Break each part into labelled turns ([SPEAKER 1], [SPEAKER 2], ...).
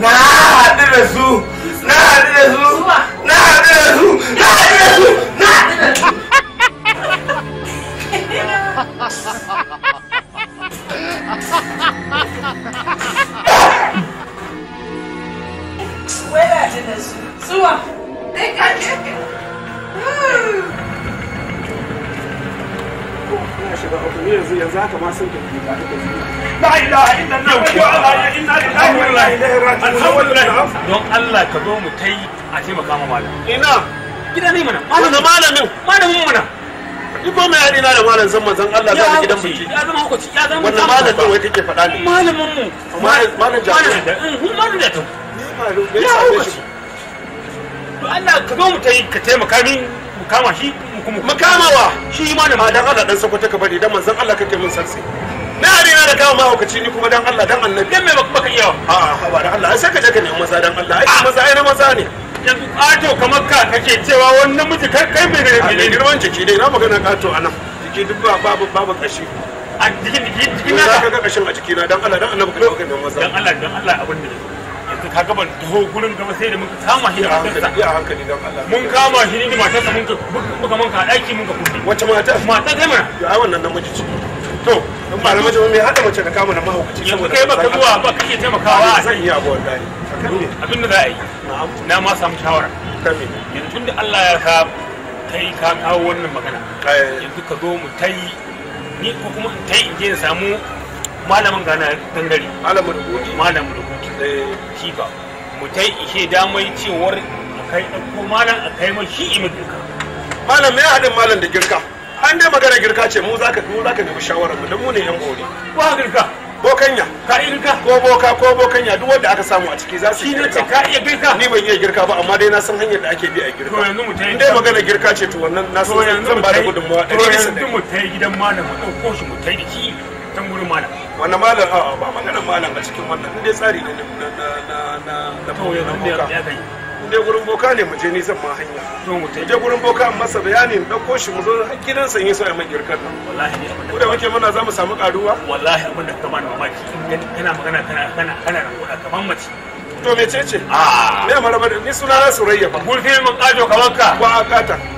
[SPEAKER 1] na haɗu da su na haɗu su na haɗu su na haɗu su na su haka ma sun tafi ga ta la ilaha illallah wa la ilaha illallah alhamdulillah don Allah ka zo mu kai a taimaka ma malam ina gida ne mana malamin malamin malamin mana in ba mai haɗina da malam san manzon Allah za mu gidan biki ya zama hukunci ya zama wannan malam din wai take faɗa ne malamin mu malam jami'a mun malam da eh, ta ya hukunci to Allah ka zo mu kai ka taimaka min mu kama shi makamawa shi ma da dan Allah dan sakwata ka bari dan manzon Allah kake mun sarsi na ne na da kawo hukaci ni kuma dan Allah dan annabi dan me baka iya a a ba dan Allah sai ka je ka nemi maza dan Allah ai maza ai na maza ne yanzu kato kamar ka kake cewa wannan miji kai kai mai ne girman jiki dai na magana kato anan jiki duk babu babu kashi a jiki jikin na ka ga kashin a na dan Allah dan annabi ka ga maza dan Allah dan Allah abin da to kaga ban taho gurin gaba sai da muka kama shi da matarsa ya hankali mun kama shi da matarsa mun muka mun ka daki mun ka kuɗi wace mata mata kai mana ya wannan namiji ce to in ba namiji mai hada mace da kama na mahaukaci saboda kai kai zuwa ba kake taimakawa zan iya ba wallahi abin da za a yi na ma samu shawara yanzu tun da Allah ya sa kai ka kawo wannan magana yanzu ka zo mu tai ni ko kuma in tai in je in samu malamin gana dangare malamin malamin shiga mu ta ishe damai cewar a kai ɗauko malam a kai shi imin girka malam ya haɗin malam da girka an dai magana girka ce mu za ka mu za ka nemi shawarar mu don mu ne yan kore ko ha girka bokanya ka iya girka ko boka ko bokanya duk wanda aka samu a ciki za su yi girka shi ne ka iya girka ni ban iya girka ba amma dai na san hanyar da ake bi a girka to yanzu mu tayi dai magana girka ce to wannan na san zan ba da gudunmawa to yanzu mu tayi gidan malam mu ɗauko shi mu tayi da shi tan gurin malam wani malam a ba maganar malam a cikin wannan inda tsari ne na fauye na boka inda gurin boka ne mu je nisan ma hanya mu gurin boka masa bayani mu ɗauko shi mu zo gidan sanye su a mai girkan nan wallahi ne da muna za mu samu ƙaruwa wallahi abin da kamar mamaki kana magana kana kana kana kamar mace to mecece a ah. me mara ba ni suna na surayya ba mun fi mun kajo kamar ka ba a kata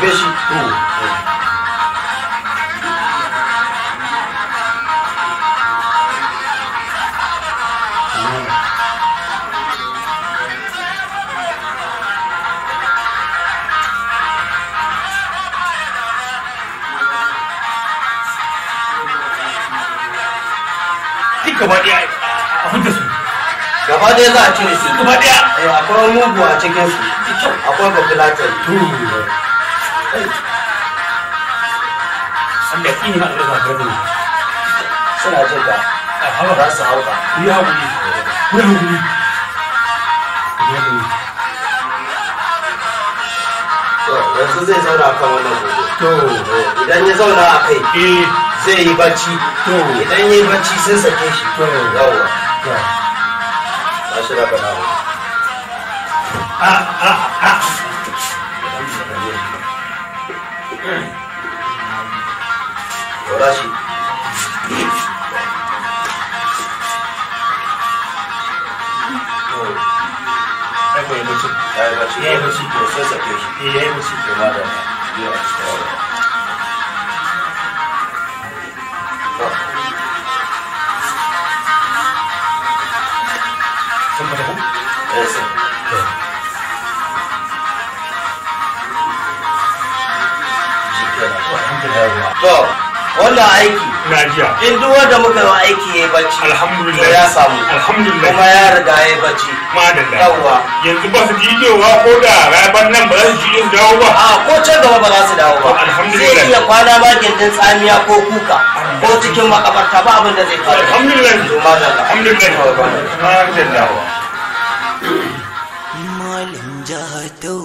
[SPEAKER 1] 빼신 프로. 네. gaba daya a hudu su gaba daya za a cire su gaba daya akwai mugu a cikin su akwai babulatari Allah ki ma da zaka ne suna jin da hawa ba su hauka ku yi hakuri ku yi hakuri yanzu zai zauna a kan wannan gobe idan ya a idan eh. yi bacci sake shi yawwa ba shi da a a ah, ah. yi bacci ya yi bacci sai ya yi da sun eh, aiki lafiya in duk wanda muka yi aiki ya bacci alhamdulillah ya samu alhamdulillah kuma ya riga ya bacci madalla yawa yanzu ba su jidewa ko da rabar nan ba za su jide su dawo ba a ko can gaba ba za su dawo ba alhamdulillah sai iya kwana ba gindin tsamiya ko kuka ko cikin makabarta ba abin da zai faru alhamdulillah madalla alhamdulillah madalla malam jatau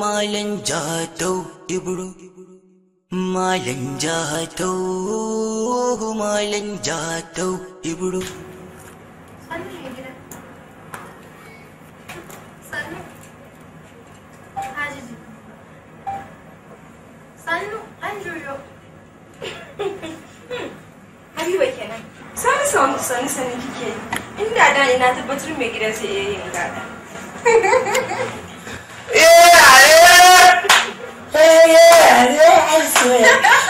[SPEAKER 1] malam jatau ibro Malan jatau, malan jatau, ibro. Sannu, an juyo. Habiba kenan. Sani sani yi. da iya yin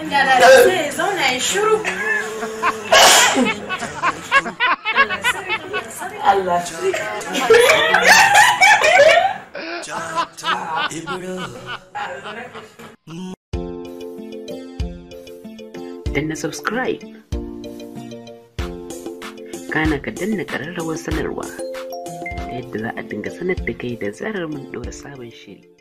[SPEAKER 1] inda da sai zauna ya shiru danna subscribe kana ka danna kararrawar sanarwa ta yadda za a dinga sanar da kai da zarar mun ɗora sabon shiri